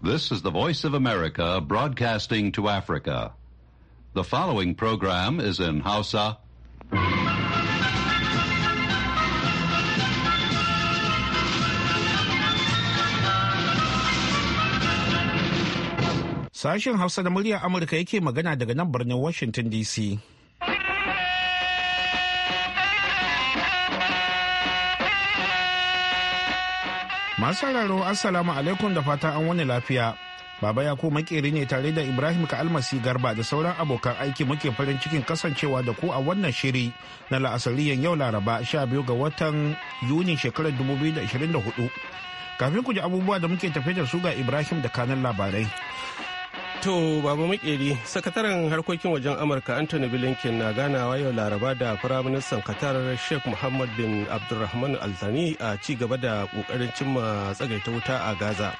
This is the Voice of America broadcasting to Africa. The following program is in Hausa. Sashen Hausa da muryar Amurka yake magana daga nan birnin Washington DC. Masu sauraro Assalamu alaikum da fata an wani lafiya. Baba Yako makeri ne tare da Ibrahim Ka'almasi Garba da sauran abokan aiki muke farin cikin kasancewa da ku a wannan shiri na la'asariyan yau Laraba 12 ga watan Yuni shekarar 2024. Kafin ku ji abubuwa da muke tafe da su ga Ibrahim da kanan labarai. To babu Makeri, sakataren harkokin wajen Amurka Anthony Blinken na ganawa yau Laraba da Firaministan Qatar Sheikh Muhammad bin Abdulrahman Al-Thani a ci gaba da kokarin cimma tsagaita wuta a Gaza.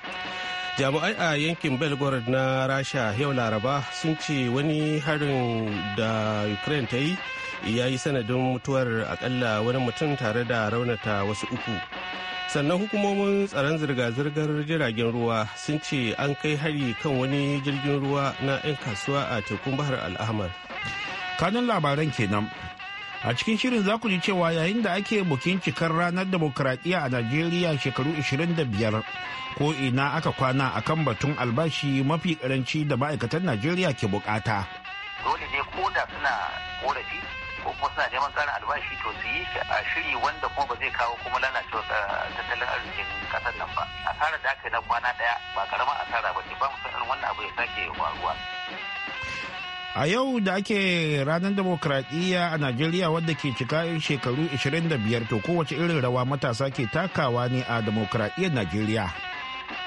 Jami'ai a yankin Belgorod na Rasha yau Laraba sun ce wani harin da Ukraine ta yi ya yi sanadin mutuwar akalla wani mutum tare da raunata wasu uku. sannan hukumomin tsaron zirga-zirgar jiragen ruwa sun ce an kai hari kan wani jirgin ruwa na 'yan kasuwa a tekun bahar al'ahmar kanun labaran kenan a cikin shirin za ku ji cewa yayin da ake bukin cikar ranar demokuraɗiyya a najeriya shekaru 25 ko ina aka kwana akan batun albashi mafi karanci da ma'aikatan najeriya ke bukata dole ne ko da suna korafi ko kuma suna neman karin albashi to su yi a shiri wanda kuma ba zai kawo kuma lalacewa eh, tattalin arzikin kasar nan ba asarar da aka yi na kwana daya ba karamar asara ba ce ba mu san wannan abu ya sake faruwa a yau da ake ranar demokradiyya a najeriya wadda ke cika shekaru 25 to kowace irin rawa matasa ke takawa ne a demokradiyyar najeriya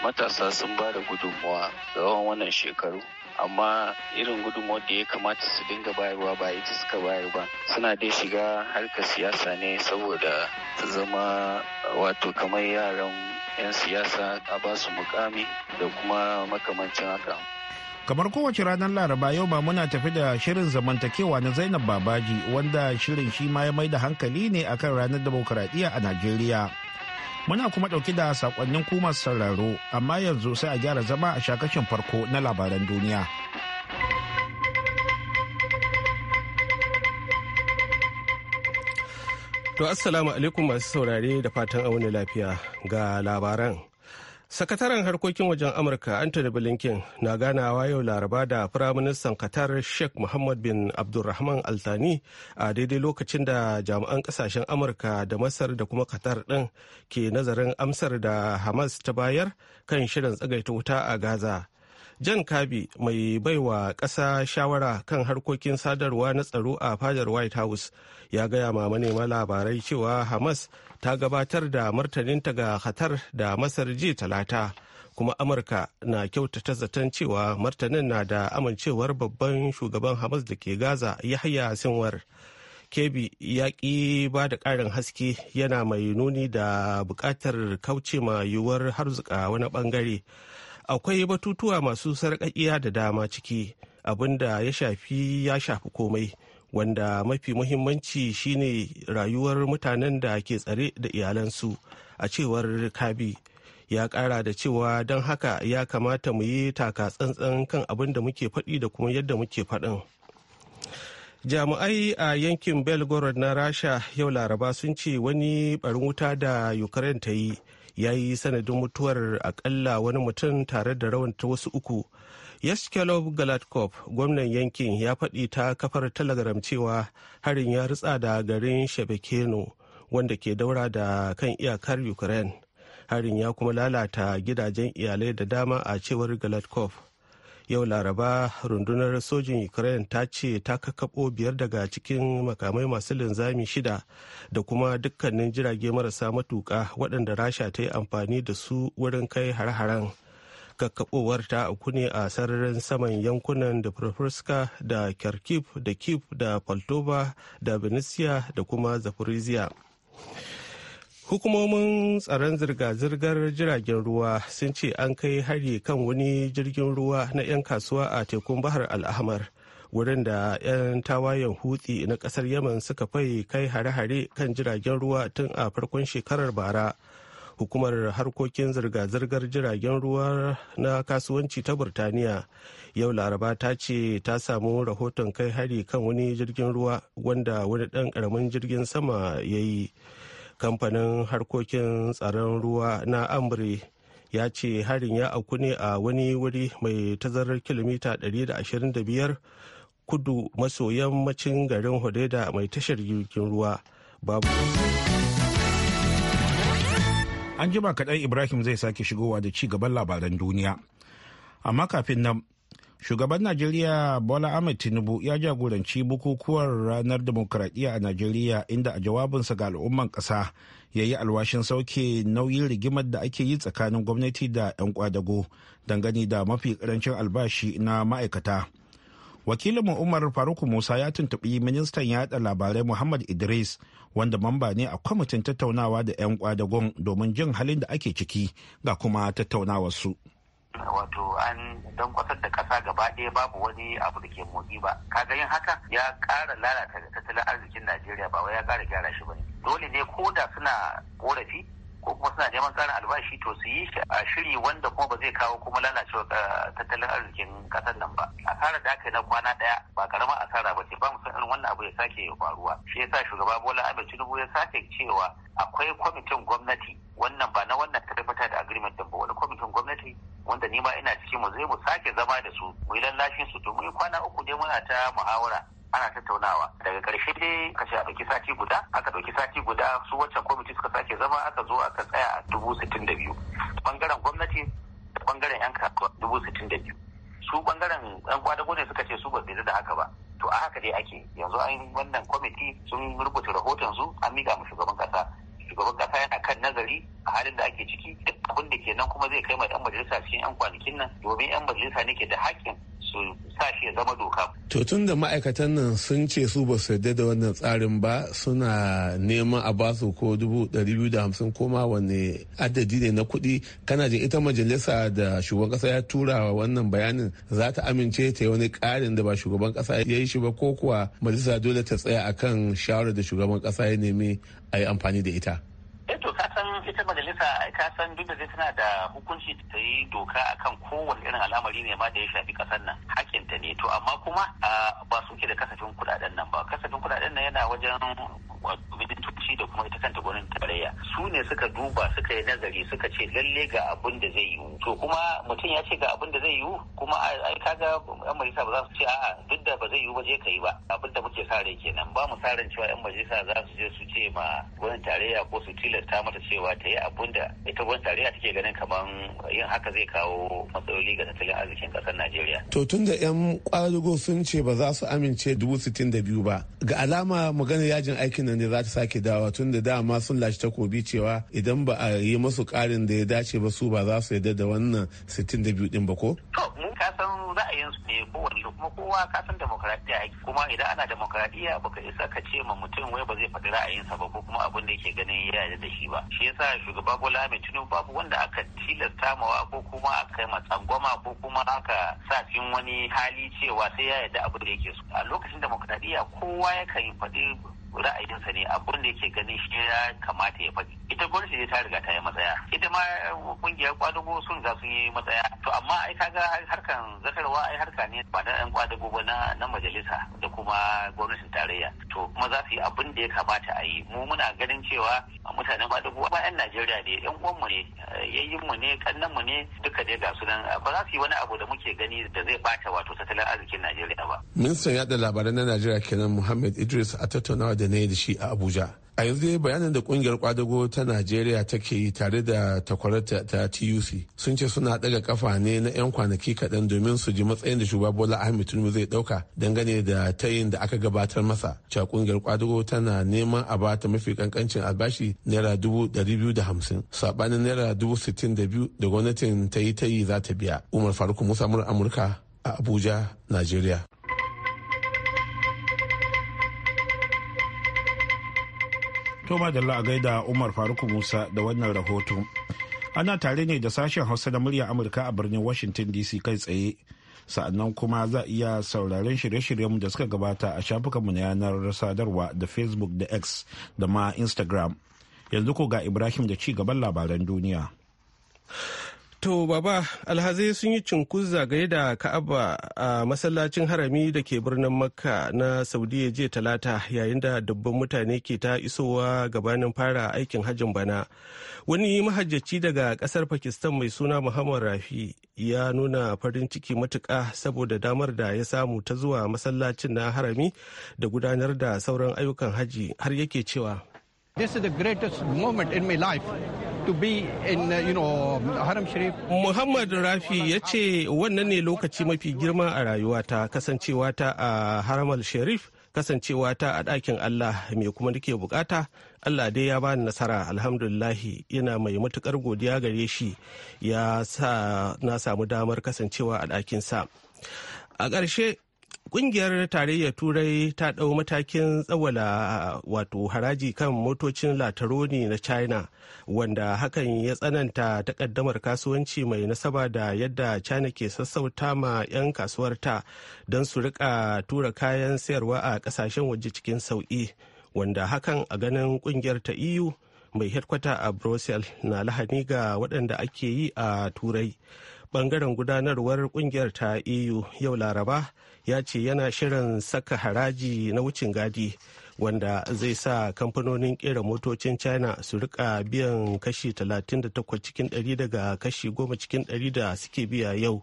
matasa sun ba da gudunmawa tsawon wannan shekaru amma irin gudunmawar da ya kamata su dinga bayarwa ba ita suka bayar ba suna dai shiga harkar siyasa ne saboda su zama wato kamar yaran 'yan siyasa a ba su mukami da kuma makamancin haka kamar kowace ranar laraba yau ba muna tafi da shirin zamantakewa na zainab babaji wanda shirin shi ma ya mai da hankali ne akan ranar demokuraɗiyya a najeriya Muna kuma ɗauki da saƙonnin ku masu sauraro, amma yanzu sai a gyara zama a shakashin farko na labaran duniya. To Assalamu alaikum masu saurare da fatan auni lafiya ga labaran. sakataren harkokin wajen amurka anthony blinken na ganawa yau laraba da firaministan qatar sheikh muhammad bin abdulrahman altani a daidai lokacin da jami'an kasashen amurka da masar da kuma qatar din ke nazarin amsar da hamas ta bayar kan shirin tsagaita wuta a gaza Jan Kabi mai baiwa ƙasa shawara kan harkokin sadarwa na tsaro a fadar White House ya gaya ma manema labarai cewa Hamas ta gabatar da martaninta ga hatar da Masar ji talata kuma Amurka na kyautata zaton cewa martanin na da amincewar babban shugaban Hamas da ke Gaza ya haya Sinwar. kebi ya ƙi ba da ƙarin haske yana mai nuni da buƙatar kauce ma yiwuwar harzuka wani bangare. akwai batutuwa masu sarƙaƙiya da dama ciki abinda ya shafi ya shafi komai wanda mafi muhimmanci shine rayuwar mutanen da ke tsare da iyalansu a cewar kabi ya kara da cewa don haka ya kamata mu yi taka tsantsan kan abin da muke faɗi da kuma yadda muke faɗin jami'ai a yankin belgorod na rasha yau laraba sun ce wani barin wuta da ukraine ta yi ya yi sanadin mutuwar akalla wani mutum tare da rawanta wasu uku yashkelov galatkov gwamnan yankin ya faɗi ta kafar telegram cewa harin ya ritsa da garin shebekeno wanda ke daura da kan iyakar ukraine harin ya kuma lalata gidajen iyalai da dama a cewar galatkov yau laraba rundunar sojin ukraine ta ce ta kakabo biyar daga cikin makamai masu linzami shida da kuma dukkanin jirage marasa matuka waɗanda rasha ta yi amfani da su wurin kai har-haren kakabowar ta auku ne a sararin saman yankunan da Profuska da kharkiv da kiv da poltova da venezia da kuma zaporizhia hukumomin tsaron zirga-zirgar jiragen ruwa sun ce an kai hari kan wani jirgin ruwa na 'yan kasuwa a tekun bahar al'ahmar wurin da 'yan tawayen hutsi na kasar yaman suka fai kai hare-hare kan jiragen ruwa tun a farkon shekarar bara hukumar harkokin zirga-zirgar jiragen ruwa na kasuwanci ta burtaniya yau laraba ta ce ta samu rahoton kai hari kan wani jirgin ruwa wanda wani ɗan ƙaramin jirgin sama ya yi kamfanin harkokin tsaron ruwa na amri ya ce harin ya auku ne a wani wuri mai tazarar kilomita 125 kudu maso yammacin garin hodeda mai tashar jirgin ruwa babu an jima kaɗan ibrahim zai sake shigowa da ci gaban labaran duniya amma kafin nan shugaban najeriya bola ahmed tinubu ya jagoranci bukukuwan ranar demokradiyya a najeriya inda a jawabinsa ga al'umman ƙasa ya yi alwashin sauke nauyin rigimar da ake yi tsakanin gwamnati da 'yan kwadago dangane da mafi karancin albashi na ma'aikata wakilin umar faruk musa ya tuntuɓi ministan yaɗa labarai muhammad idris wanda mamba ne a kwamitin tattaunawa da 'yan kwadagon domin jin halin da ake ciki ga kuma tattaunawarsu. su wato an don kwasar da kasa gaba ɗaya babu wani abu da ke motsi ba kaga yin haka ya ƙara lalata tattalin arzikin najeriya ba wai ya ƙara gyara shi ba ne dole ne ko da suna korafi ko kuma suna neman tsarin albashi to su yi shi a shiri wanda kuma ba zai kawo kuma lalacewa eh, tattalin arzikin kasar nan ba asarar da aka yi na kwana daya ba karamar asara ba ce ba mu san irin wannan abu ya sake faruwa shi yasa shugaba bola ahmed tinubu ya sake cewa akwai kwamitin gwamnati wannan ba na wannan tarifata da agreement din ba wani kwamitin gwamnati wanda ni ma ina cikin mu zai mu sake zama da su mu yi lallashin su to mu yi kwana uku dai muna ta muhawara ana tattaunawa daga ƙarshe dai aka ce a ɗauki sati guda aka ɗauki sati guda su waccan kwamiti suka sake zama aka zo aka tsaya a dubu sittin da biyu ɓangaren gwamnati da ɓangaren yan kasuwa dubu sittin da biyu su ɓangaren yan kwadago ne suka ce su ba su da haka ba to a haka dai ake yanzu an wannan kwamiti sun rubuta rahoton su an miƙa mu shugaban kasa shugaban ƙasa yana kan nazari a halin da ake ciki duk abin da nan kuma zai kai ma 'yan majalisa cikin 'yan kwanakin nan domin 'yan majalisa ne ke da haƙƙin su sa ya zama doka. To tun da ma'aikatan nan sun ce su ba su yarda da wannan tsarin ba suna neman a ba su ko dubu ɗari biyu da hamsin koma wanne adadi ne na kuɗi kana jin ita majalisa da shugaban kasa ya tura wa wannan bayanin za ta amince ta yi wani ƙarin da ba shugaban kasa ya yi shi ba ko kuwa majalisa dole ta tsaya akan shawarar da shugaban kasa ya nemi a yi amfani da ita. to ka san ita majalisa ka san duk da zai tana da hukunci ta yi doka akan kowane irin al'amari ne ma da ya shafi kasar nan hakin ne to amma kuma ba su da kasafin kudaden nan ba kasafin kudaden nan yana wajen ministoci da kuma ita kanta gwamnatin tarayya su ne suka duba suka yi nazari suka ce lalle ga abin da zai yiwu to kuma mutum ya ce ga abin da zai yiwu kuma ai kaga yan majalisa ba za su ce a'a duk da ba zai yiwu ba je ka yi ba abin da muke sa rai kenan ba mu sa ran cewa yan majalisa za su je su ce ma gwamnatin tarayya ko su tilasta taimaka mata cewa ta yi abun da ita gwamnati tarayya take ganin kamar yin haka zai kawo matsaloli ga tattalin arzikin ƙasar Najeriya. To tun da 'yan ƙwarugo sun ce ba za su amince dubu sittin da biyu ba. Ga alama maganar yajin aikin nan ne za ta sake dawa tun da dama sun lashe takobi cewa idan ba a yi masu ƙarin da ya dace ba su ba za su yarda da wannan sittin da biyu ɗin ba ko? ka san ra'ayinsu ne kowane kuma kowa ka san kuma idan ana demokaradiyya baka isa ka ce ma mutum wai ba zai faɗi ra'ayinsa ba ko kuma abin da yake ganin ya yarda da shi ba shi yasa shugaba bola mai tinubu babu wanda aka tilasta mawa ko kuma aka yi tsangwama ko kuma aka sa cikin wani hali cewa sai ya yarda abu da yake so a lokacin demokradiyya kowa ya yi faɗi ra'ayinsa ne abun da yake ganin shi ya kamata ya faɗi ita gwamnati ne ta riga ta yi matsaya ita ma kungiyar kwadago sun za sun yi matsaya to amma ai kaga harkan zakarwa ai harka ne ba na yan kwadago ba na majalisa da kuma gwamnatin tarayya to kuma za su yi abun da ya kamata a yi mu muna ganin cewa mutanen ƙwadago ba yan Najeriya ne yan uwanmu ne yayyinmu ne kannanmu ne duka dai ga su nan ba za su yi wani abu da muke gani da zai bata wato tattalin arzikin Najeriya ba. Ministan yaɗa labarai na Najeriya kenan Muhammad Idris a tattaunawa da na yi da shi a abuja a yanzu dai bayanin da kungiyar kwadago ta najeriya take yi tare da takwarata ta tuc sun ce suna daga kafa ne na 'yan kwanaki kaɗan domin su ji matsayin da shugaba bola ahmed tinubu zai ɗauka dangane da tayin da aka gabatar masa cewa kungiyar kwadago tana neman a bata mafi kankancin albashi naira dubu ɗari biyu da hamsin saɓanin naira dubu sittin da biyu da gwamnatin ta yi tayi za ta biya umar faruk musa amurka a abuja najeriya To madalla a gaida Umar faruk Musa da wannan rahoto. Ana tare ne da sashen Hausa da murya Amurka a birnin Washington DC kai tsaye. Sa'annan kuma za a iya sauraron shirye-shiryenmu da suka gabata a shafukanmu na yanar sadarwa da Facebook da X da ma Instagram. Yanzu ko ga Ibrahim da ci gaban labaran duniya. To baba alhazai sun yi cinkus zagaye da Ka'aba a masallacin harami da ke birnin Makka na Saudiya jiya talata yayin da dubban mutane ke ta isowa gabanin fara aikin hajjin bana. Wani mahajjaci daga kasar Pakistan mai suna Muhammad Rafi ya nuna farin ciki matuka saboda damar da ya samu ta zuwa masallacin na harami da gudanar da sauran ayyukan haji har yake cewa. This is the greatest moment in my life. Uh, Muhammad Rafi ya ce wannan ne lokaci mafi girma a rayuwata kasancewata a Haramal Sharif kasancewata a ɗakin Allah me kuma nake bukata Allah dai ya bani nasara alhamdulillahi yana mai matukar godiya gare shi ya sa na samu damar kasancewa a ɗakin sa. A ƙarshe Ƙungiyar tarayyar Turai ta ɗau matakin tsawala wato haraji kan motocin lataroni na China wanda hakan ya tsananta takaddamar kasuwanci mai nasaba da yadda China ke sassauta ma 'yan kasuwarta don su rika tura kayan sayarwa a kasashen waje cikin sauƙi wanda hakan a ganin ƙungiyar ta EU mai hedkwata a Brussels na lahani ga waɗanda ake yi a Turai. bangaren gudanarwar kungiyar ta eu yau laraba ya ce yana shirin saka haraji na wucin gadi wanda zai sa kamfanonin kera motocin china su rika biyan kashi 38 cikin 100 daga kashi 10 cikin 100 da suke biya yau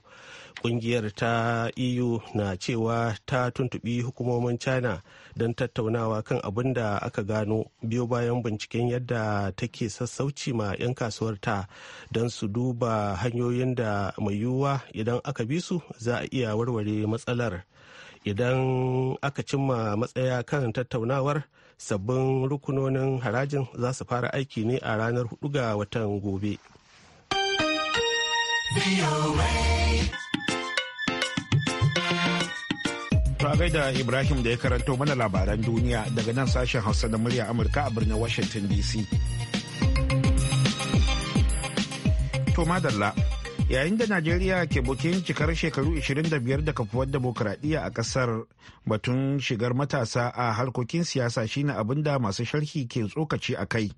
kungiyar ta eu na cewa ta tuntubi hukumomin china don tattaunawa kan abin da aka gano biyo bayan binciken yadda take sassauci ma 'yan kasuwarta don su duba hanyoyin da mai yiwuwa idan aka bi su za a iya warware matsalar idan aka cimma matsaya kan tattaunawar sabbin rukunonin harajin za su fara aiki ne a ranar 4 ga watan gobe. To gaida Ibrahim da ya karanto mana labaran duniya daga nan sashen Hausa da murya Amurka a birnin Washington DC. To madalla, yayin da Najeriya ke bukin cikar shekaru 25 da kafuwar demokuraɗiyya a ƙasar batun shigar matasa a harkokin siyasa shine abin da masu sharhi ke tsokaci a kai.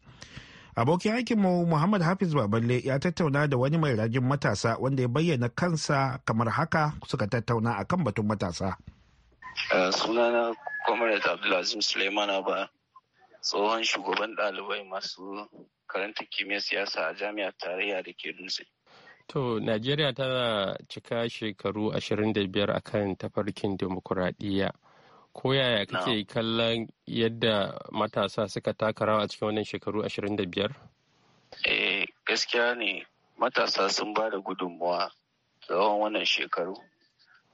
Abokin aikinmu Muhammad Hafiz Baballe ya tattauna da wani mai rajin matasa wanda ya bayyana kansa kamar haka suka tattauna akan batun matasa. Eh, sunana comrade abdulazim suleiman ba tsohon shugaban dalibai masu karanta kimiyyar siyasa a jami'ar tarayya da ke dutse To, Najeriya tana cika shekaru 25 akan tafarkin demokuraɗiyya. Ko yaya kake kallon yadda matasa suka taka rawa a cikin wannan shekaru 25? Eh, gaskiya ne matasa sun ba da gudunmuwa tsawon wannan shekaru.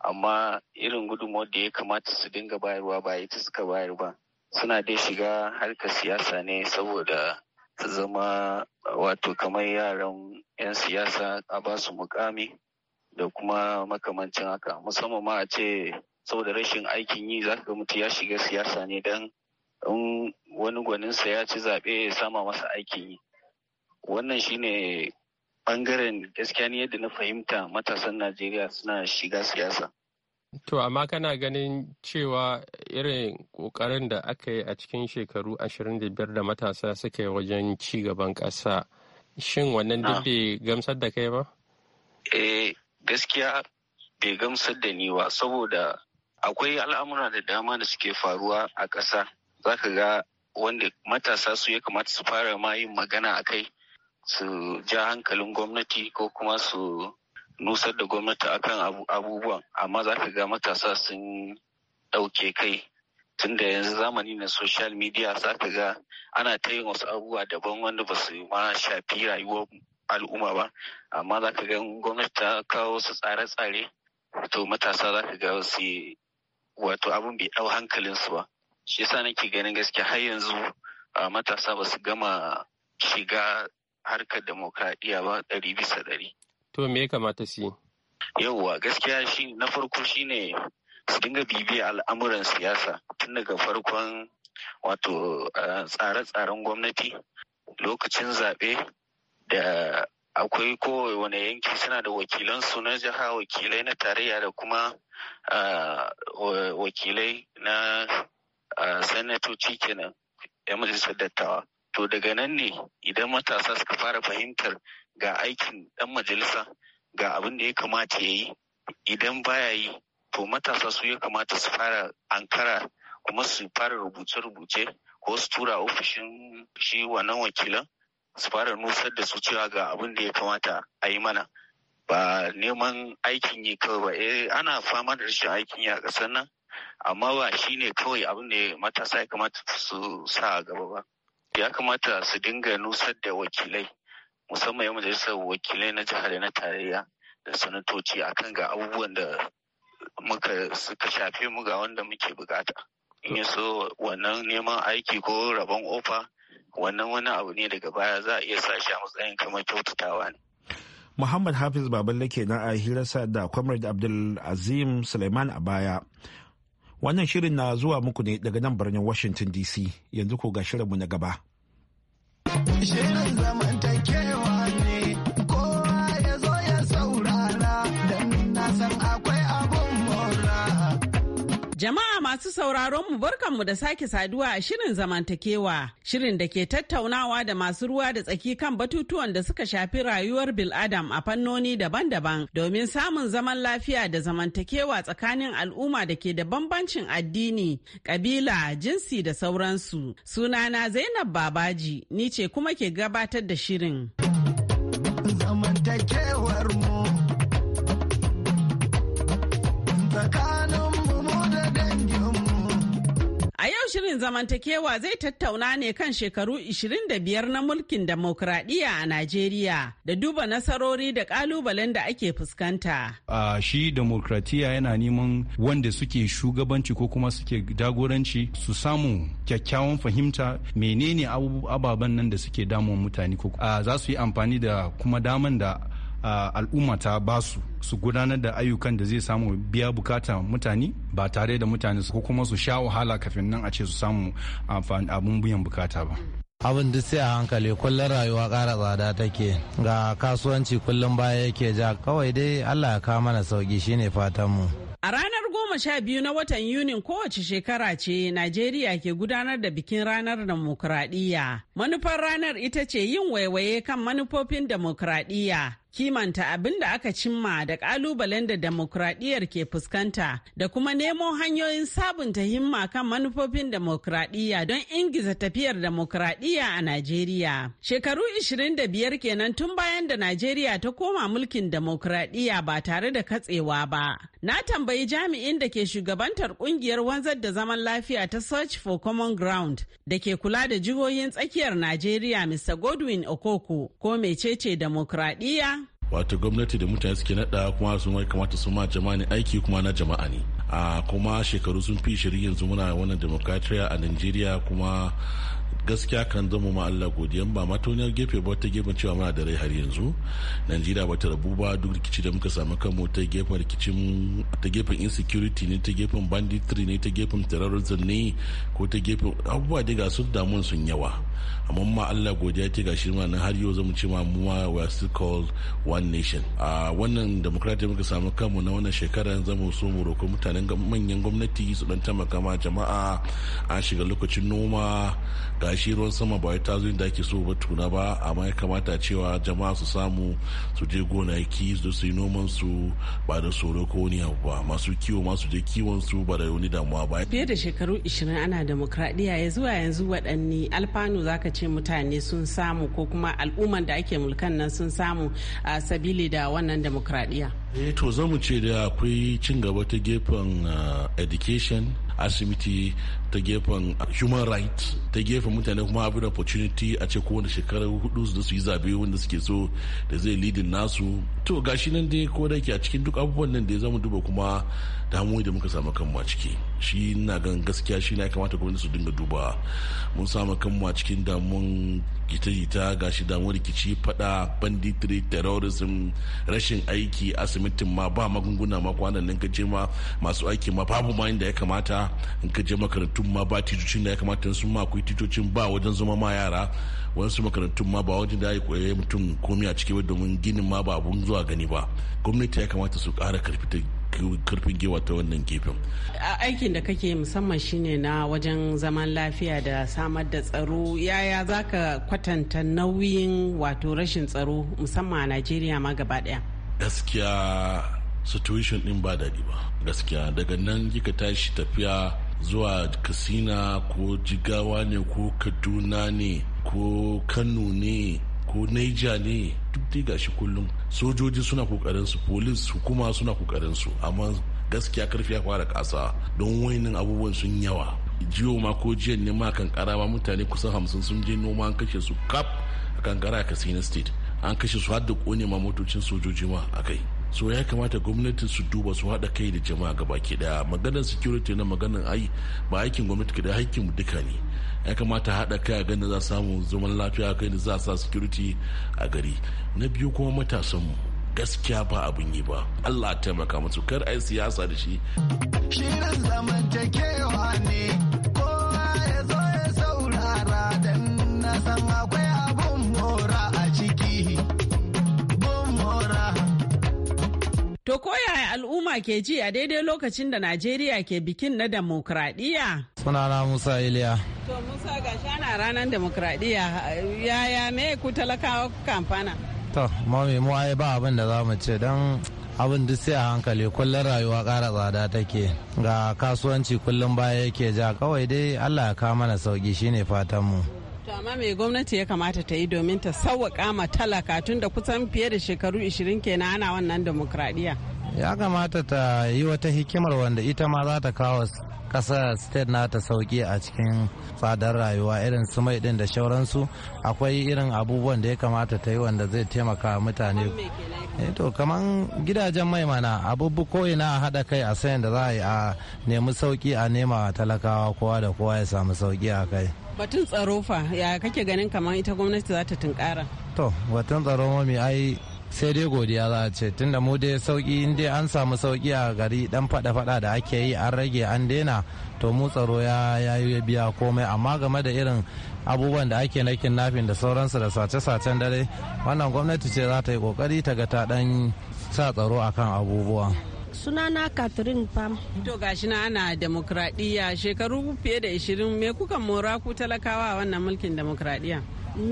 amma irin gudunmawar da ya kamata su dinga bayarwa ba ita suka bayar ba suna dai shiga harkar siyasa ne saboda su zama wato kamar yaran 'yan siyasa a ba su mukami da kuma makamancin haka musamman ma a ce saboda rashin aikin yi za ka mutu ya shiga siyasa ne don in wani gwaninsa ya ci zaɓe ya sama masa aikin yi wannan shine bangaren gaskiya ne yadda na fahimta matasan najeriya suna shiga siyasa to amma kana ganin cewa irin kokarin da aka yi a cikin shekaru 25 da matasa suka yi wajen ci gaban ƙasa shin wannan duk ah. bai gamsar da kai ba eh gaskiya bai gamsar da ni ba saboda akwai al'amura da dama da suke faruwa a ƙasa ka ga wanda matasa su ya kamata su fara ma yin magana a kai su ja hankalin gwamnati ko kuma su nusar da gwamnati akan abubuwan amma za ka ga matasa sun ɗauke kai tunda yanzu zamani na social media za ka ga ana ta yin wasu abubuwa daban wanda ba su ma shafi rayuwar al'umma ba amma za ka ga gwamnati ta kawo su tsare-tsare to matasa za ka ga su wato abin bai ɗau hankalinsu ba shi yasa nake ganin gaskiya har yanzu matasa ba su gama shiga harkar demokradiyya ba ɗari bisa ɗari. To me ya kamata su yi? Yauwa gaskiya shi na farko shine su dinga bibiya al'amuran siyasa tun daga farkon wato eh, tsare-tsaren gwamnati lokacin zaɓe da akwai kowane yanki suna da wakilansu na jiha wakilai na tarayya da kuma eh, wakilai na eh, sanatoci kenan 'yan majalisar dattawa To daga nan ne idan matasa suka fara fahimtar ga aikin dan majalisa ga abin da ya kamata ya yi idan baya yi to matasa su ya kamata su fara ankara kuma su fara rubuce-rubuce ko su tura ofishin shi wannan wakilan su fara nusar da su cewa ga abin da ya kamata a yi mana ba neman aikin yi kawai ba eh ana fama da rashin aikin yi a ƙasar nan amma ba shine kawai abin da matasa ya kamata su sa a gaba ba ya kamata su dinga nusar da wakilai musamman yan majalisar wakilai na jihar da na tarayya da sanatoci a kan ga abubuwan da muka suka shafe mu ga wanda muke bukata in so wannan neman aiki ko rabon ofa wannan wani abu ne daga baya za a iya sa shi a matsayin kamar kyautatawa ne Muhammad Hafiz Baballe kenan a hirarsa da Comrade Abdul Azim Suleiman a baya Wannan shirin na zuwa muku ne daga nan birnin Washington DC yanzu ko ga shirinmu na gaba. Shirin masu sauraron mu barkanmu da sake saduwa a shirin zamantakewa, shirin da ke tattaunawa da masu ruwa da tsaki kan batutuwan da suka shafi rayuwar bil'adam a fannoni daban-daban domin samun zaman lafiya da zamantakewa tsakanin al'umma da ke da bambancin addini, kabila, jinsi da sauransu. Sunana Zainab Babaji, ni ce kuma ke gabatar da shirin. shirin zamantakewa zai tattauna ne kan shekaru 25 na mulkin demokradiyya a Najeriya da duba nasarori da kalubalen da ake fuskanta. A shi demokradiyya yana neman wanda suke shugabanci ko kuma suke jagoranci su samu kyakkyawan fahimta menene ababen nan da suke damun mutane ko za su yi amfani da kuma daman da al'umma ta basu su gudanar da ayyukan da zai samu biya bukata mutane ba tare da mutane ko kuma su sha wahala kafin nan a ce su samu abun biyan bukata ba. abin duk sai a hankali kullum rayuwa ƙara tsada take ga kasuwanci kullum baya yake ja kawai dai allah ya kawo mana sauki shine fatanmu a ranar goma sha biyu na watan Yuni kowace shekara ce Najeriya ke gudanar da bikin ranar demokuraɗiyya. Manufar ranar ita ce yin waiwaye kan manufofin demokuraɗiyya, kimanta abin da aka cimma da ƙalubalen da demokuraɗiyyar ke fuskanta da kuma nemo hanyoyin sabunta himma kan manufofin demokuraɗiyya don ingiza tafiyar demokuraɗiyya a Najeriya. Shekaru 25 kenan tun bayan da Najeriya ta koma mulkin demokuraɗiyya ba tare da katsewa ba. Na tambayi jami'in jami'in da ke shugabantar kungiyar wanzar da zaman lafiya ta Search for Common Ground da ke kula da jihohin tsakiyar Najeriya Mr. Godwin Okoko ko mecece demokradiyya? Wato gwamnati da mutane suke nada kuma sun wai kamata su ma jama'a ne aiki kuma na jama'a ne. a ah, kuma shekaru sun fi shirin yanzu muna wannan demokratiya a nigeria kuma gaskiya kan zama ma Allah godiyan ba matoniyar gefe ba ta gefen cewa muna da rai har yanzu Najeriya ba ta rabu ba duk rikici da muka samu kanmu ta gefen rikicin ta gefen insecurity ne ta gefen banditry ne ta gefen terrorism ne ko ta gefen abubuwa daga ga su damuwan sun yawa amma ma Allah godiya ta gashi ma nan har yau zamu ce ma mu we are still called one nation a wannan democracy muka samu kanmu na wannan shekarar zamu so mu roƙi mutanen manyan gwamnati su dan taimaka ma jama'a a shiga lokacin noma ga shi ruwan sama ba wai ta inda ake so ba tuna ba amma ya kamata cewa jama'a su samu su je gonaki su su yi noman su ba da tsoro ko wani abu ba masu kiwo masu je kiwon su ba da wani damuwa ba fiye da shekaru 20 ana demokradiyya ya zuwa yanzu waɗanne alfanu zaka ce mutane sun samu ko kuma al'umman da ake mulkan nan sun samu a sabili da wannan demokradiyya eh to zamu ce da akwai cin gaba ta gefen ah, education asibiti ta gefen human rights ta gefen mutane kuma abin opportunity a ce kowane shekarar hudu su su yi zabe wanda suke so da zai lidin nasu to gashi nan dai ko da ke a cikin duk abubuwan nan da ya zama duba kuma damuwa da muka samu kanmu a ciki shi na gan gaskiya shi na kamata gwamnati su dinga duba mun samu kanmu a cikin damuwan gita-gita gashi damuwar rikici fada banditry terrorism rashin aiki asibitin ma ba magunguna ma kwanan nan kaje ma masu aiki ma babu ma inda ya kamata in kaje makarantun ma ba titocin da ya kamata sun ma akwai titocin ba wajen zama ma yara wasu makarantun ma ba wajen da ya koyi mutum komi a ciki domin ginin ma ba abun zuwa gani ba gwamnati ya kamata su kara karfi karfin gewa ta wannan gefen aikin da kake musamman shine na wajen zaman lafiya da samar da tsaro yaya za ka kwatanta nauyin wato rashin tsaro musamman a najeriya ma gaba daya gaskiya situation din ba daɗi ba gaskiya daga nan kika tashi tafiya zuwa kasina ko jigawa ne ko kaduna ne ko kano ne ko naija ne duk dai gashi kullum sojoji suna kokarin su polis hukuma suna kokarin su amma gaskiya karfi ya fara kasa don wayannan abubuwan sun yawa jiyo ma ko jiyan ne ma kankara ma mutane kusan hamsin sun je noma an kashe su kap a kankara a kasina state an kashe su har da kone ma motocin sojoji ma a kai so ya kamata gwamnati su duba su haɗa kai da jama'a gaba ke daya maganar security na maganar ai ba aikin gwamnati ke da aikin duka ne ya kamata haɗa kai a ganin za samu zaman lafiya kai da za a sa security a gari na biyu kuma matasan gaskiya ba abin yi ba allah taimaka musu kar ai siyasa da shi zamantakewa ne kowa yazo ya saurara akwai abun mora a ciki To koyaya al'umma ke ji a daidai lokacin da Najeriya ke bikin na demokradiyya? sunana musa iliya to musa ga shana ranar demokradiyya yaya me ku talakawa kamfana to mami mu ai ba abin da za mu ce don abin duk sai a hankali kullum rayuwa ƙara tsada take ga kasuwanci kullum baya yake ja kawai dai allah ya kawo mana sauki shine fatan mu to amma me gwamnati ya kamata ta yi domin ta sauwaƙa ma talaka tun da kusan fiye da shekaru 20 kenan ana wannan demokradiyya ya kamata ta yi wata hikimar wanda ita ma za ta kawo kasa state na ta sauki a cikin tsadar rayuwa irin su mai din da shauransu akwai irin abubuwan da ya kamata ta yi wanda zai taimaka mutane eh to kaman gidajen mai mana abubu ina a haɗa kai a sayan da za a yi a nemi sauki a nema talakawa kowa da kowa ya samu sauki a kai batun tsaro fa ya kake ganin kamar ita gwamnati za ta tunkara to batun tsaro mami ai sai dai godiya za a ce tunda mu dai sauki in dai an samu sauki a gari dan fada fada da ake yi an rage an daina to mu tsaro ya ya biya komai amma game da irin abubuwan da ake na kidnapping da sauransu da sace-sacen dare wannan gwamnati ce za ta yi kokari ta ga ta dan sa tsaro akan abubuwa sunana catherine pam to gashi na ana demokradiyya shekaru fiye da 20 me kuka mora ku talakawa wannan mulkin demokradiyya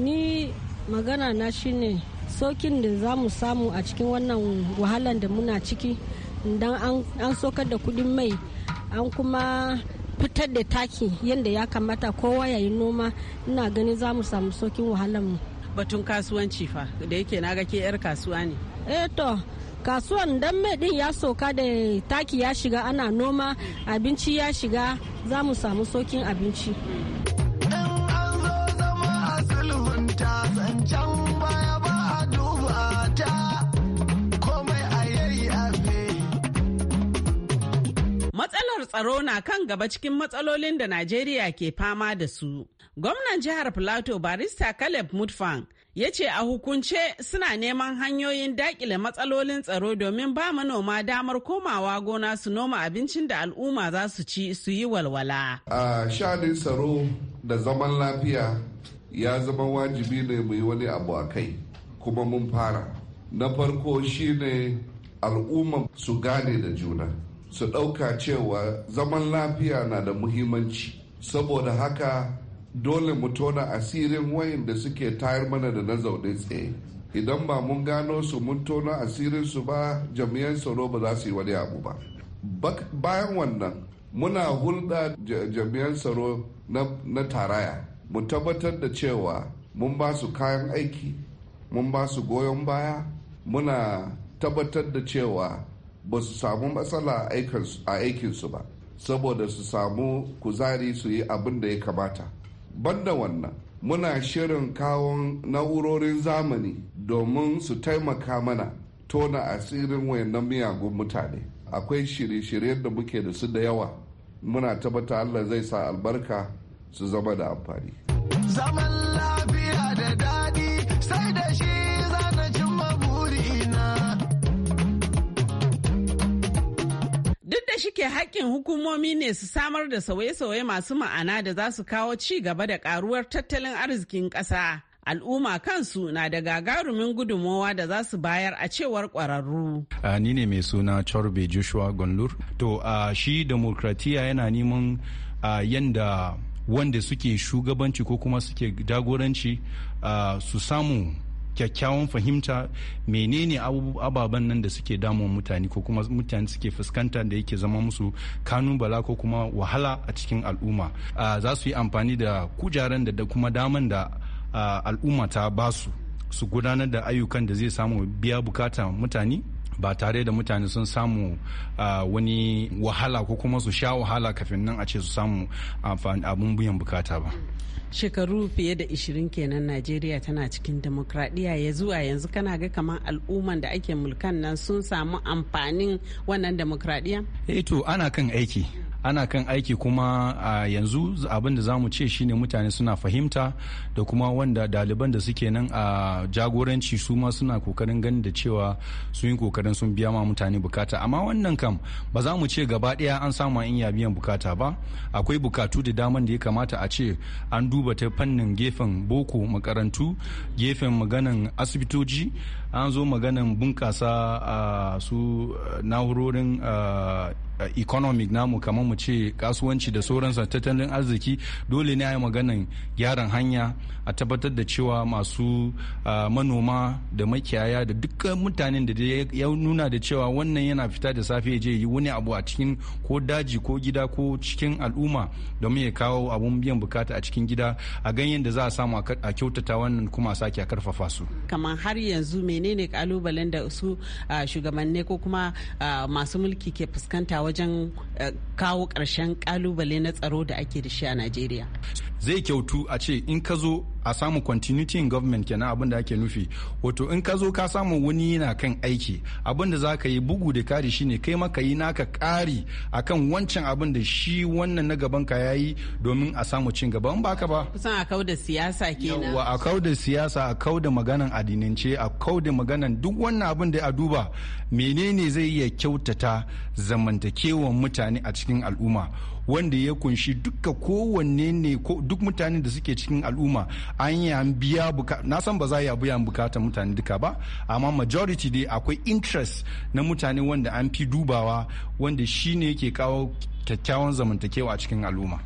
ni magana na shine sokin da za mu samu a cikin wannan wahalan da muna ciki don an sokar da kudin mai an kuma fitar da taki yadda ya kamata kowa ya yi noma ina ganin za mu samu sokin wahalan mu batun kasuwanci fa da yake na ke yar kasuwa ne eh to kasuwan dan mai din ya soka da taki ya shiga ana noma abinci ya shiga za mu samu sokin abinci Matsalar tsaro na kan gaba cikin matsalolin da Najeriya ke fama da su. Gwamnan jihar Filato barista Caleb Mutfang ya ce a hukunce suna neman hanyoyin dakile matsalolin tsaro domin ba manoma damar komawa gona su noma abincin da al'umma za su ci su yi walwala. A shaɗin tsaro da zaman lafiya ya zama wajibi ne mu wani abu a kai kuma mun fara. Na farko shine al'umma su gane da juna. su ɗauka cewa zaman lafiya na da muhimmanci saboda haka dole mu tona asirin wayanda suke tayar mana da na zaune tsaye idan ba mun gano su mun tona asirin su ba jami'an tsaro ba za su yi wani abu ba bayan wannan muna hulɗa jami'an tsaro na taraya mu tabbatar da cewa mun ba su kayan aiki mun ba su goyon baya muna tabbatar da cewa ba su samu matsala a aikinsu ba saboda su samu kuzari su yi abin da ya kamata banda wannan muna shirin kawon na'urorin zamani domin su taimaka mana tona asirin wayannan miyagun mutane akwai shirye-shiryen da muke da su da yawa muna tabbata allah zai sa albarka su zama da amfani zaman lafiya da daɗi sai da shi shi ke haƙƙin hukumomi ne su samar da sauye-sauye masu ma'ana da za su kawo ci gaba da ƙaruwar tattalin arzikin ƙasa. al'umma kansu na da gagarumin gudunmowa da za su bayar a cewar kwararru. Uh, ni ne mai suna Chorbe Joshua Gonlur. To uh, shi demokratiya yana neman uh, yanda wanda suke shugabanci ko kuma suke jagoranci uh, su samu kyakkyawan fahimta menene ababen nan da suke damun mutane ko kuma mutane suke fuskanta da yake zama musu kanubala ko kuma wahala a cikin al'umma za su yi amfani da kujaran da kuma daman da al'umma ta basu su gudanar da ayyukan da zai samu biya bukata mutane ba tare da mutane sun samu wani wahala ko kuma su sha wahala kafin nan a ce su samu abin biyan bukata ba. shekaru fiye da 20 kenan najeriya tana cikin demokradiyya ya zuwa yanzu kana ga kamar al'umman da ake mulkan nan sun samu amfanin wannan demokradiyya eh to ana kan aiki ana kan aiki kuma a yanzu abin da za mu ce shine mutane suna fahimta da kuma wanda daliban da suke nan a jagoranci su ma suna kokarin ganin da cewa sun yi kokarin sun biya ma mutane bukata amma wannan kam ba za mu ce gaba daya an samu in ya biyan bukata ba akwai bukatu da daman da ya kamata a ce an duba duba ta fannin gefen boko makarantu gefen maganan asibitoci an zo maganan bunkasa ah, su ah, na'urorin ah, Uh, economic namu kamar mu ce kasuwanci da sauransa tattalin arziki dole ne a yi maganan gyaran hanya a tabbatar da cewa masu uh, manoma da makiyaya da dukkan mutanen da ya nuna da cewa wannan yana fita da safe ya je yi wani abu a cikin ko daji ko gida ko cikin al'umma domin ya kawo abun biyan bukata a cikin gida a ganyen da za a samu a kyautata wannan kuma a sake a karfafa su kamar har yanzu menene kalubalen da su uh, shugabanni ko kuma masu mulki ke fuskanta wajen eh, kawo ƙarshen ƙalubale na tsaro da ake da shi a Najeriya. zai kyautu a ce in ka zo a samu continuity in government kenan abin da ake nufi wato in ka zo ka samu wani yana kan aiki abin da za ka yi bugu da kari shine kai maka yi naka kari akan wancan abin da shi wannan na gaban ka yayi domin a samu cin gaba in baka ba kusan a kauda siyasa kenan yawa a kauda siyasa a kauda maganan adinance a kauda maganan duk wannan abin da a duba menene zai iya kyautata zamantakewan mutane a cikin al'umma wanda ya kunshi duka kowanne ne duk mutane da suke cikin al'umma an yi an biya bukata na san ba za a biya bukata mutane duka ba amma majority dai akwai interest na mutane wanda an fi dubawa wanda shi ne yake kawo kyakkyawan zamantakewa a cikin al'umma.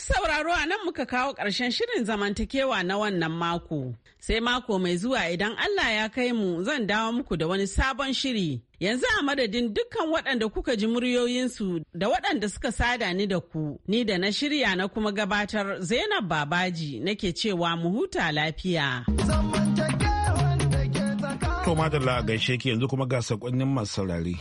Masu sauraro a nan muka kawo ƙarshen shirin zamantakewa na wannan mako. Sai mako mai zuwa idan Allah ya kai mu zan dawo muku da wani sabon shiri. Yanzu a madadin dukkan waɗanda kuka ji muryoyinsu da waɗanda suka sada ni da ku, ni da na shirya na kuma gabatar Zainab Babaji nake cewa mu huta lafiya. To madalla gaishe ki yanzu kuma ga sakonnin masu saurari.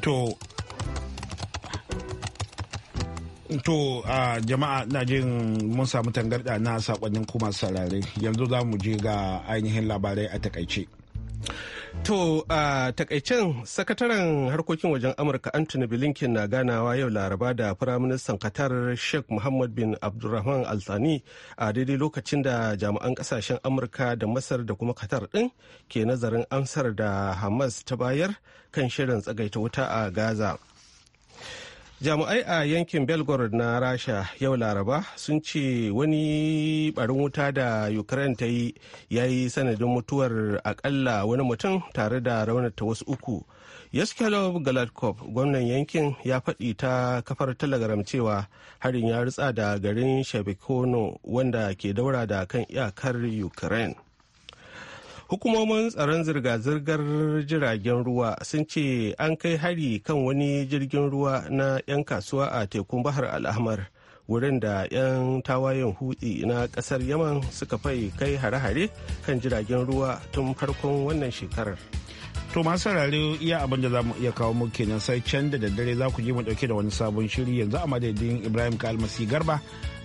to to a jama'a na jin mun samu tangarɗa na sakonnin kuma sarare yanzu za mu je ga ainihin labarai a takaice. To a takaicen sakataren harkokin wajen Amurka Anthony Blinken na ganawa yau laraba da firaministan Qatar Sheikh Muhammad bin Abdulrahman Al a daidai lokacin da jami'an kasashen Amurka da Masar da kuma Qatar ɗin ke nazarin amsar da Hamas ta bayar kan shirin tsagaita wuta a Gaza. jami'ai a yankin belgorod na rasha yau laraba sun ce wani barin wuta da ukraine ta yi ya yi sanadin mutuwar akalla wani mutum tare da raunata wasu uku yaskelov galatkov gwamnan yankin ya faɗi ta kafar telegram cewa harin ya ritsa da garin shebikono wanda ke daura da kan iyakar ukraine hukumomin tsaron zirga-zirgar jiragen ruwa sun ce an kai hari kan wani jirgin ruwa na 'yan kasuwa a tekun bahar al'ahmar wurin da 'yan tawayen hutu na kasar yaman suka fai kai hare-hare kan jiragen ruwa tun farkon wannan shekarar to masu saurare iya abin da za mu iya kawo muke nan sai can da daddare za ku je mu dauke da wani sabon shiri yanzu a madadin ibrahim kalmasi garba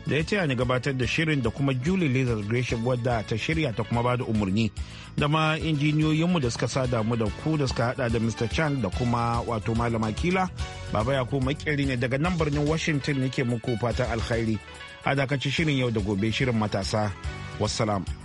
da ya taya ni gabatar da shirin da kuma Julie lizard Gresham wadda ta shirya ta kuma bada umarni da ma injiniyoyinmu da suka sada mu da ku da suka hada da Mr. Chan da kuma wato Malama Kila Baba Yakubu Makeri ne daga nan birnin Washington nake muku fatan alkhairi a dakaci shirin yau da gobe shirin matasa wassalamu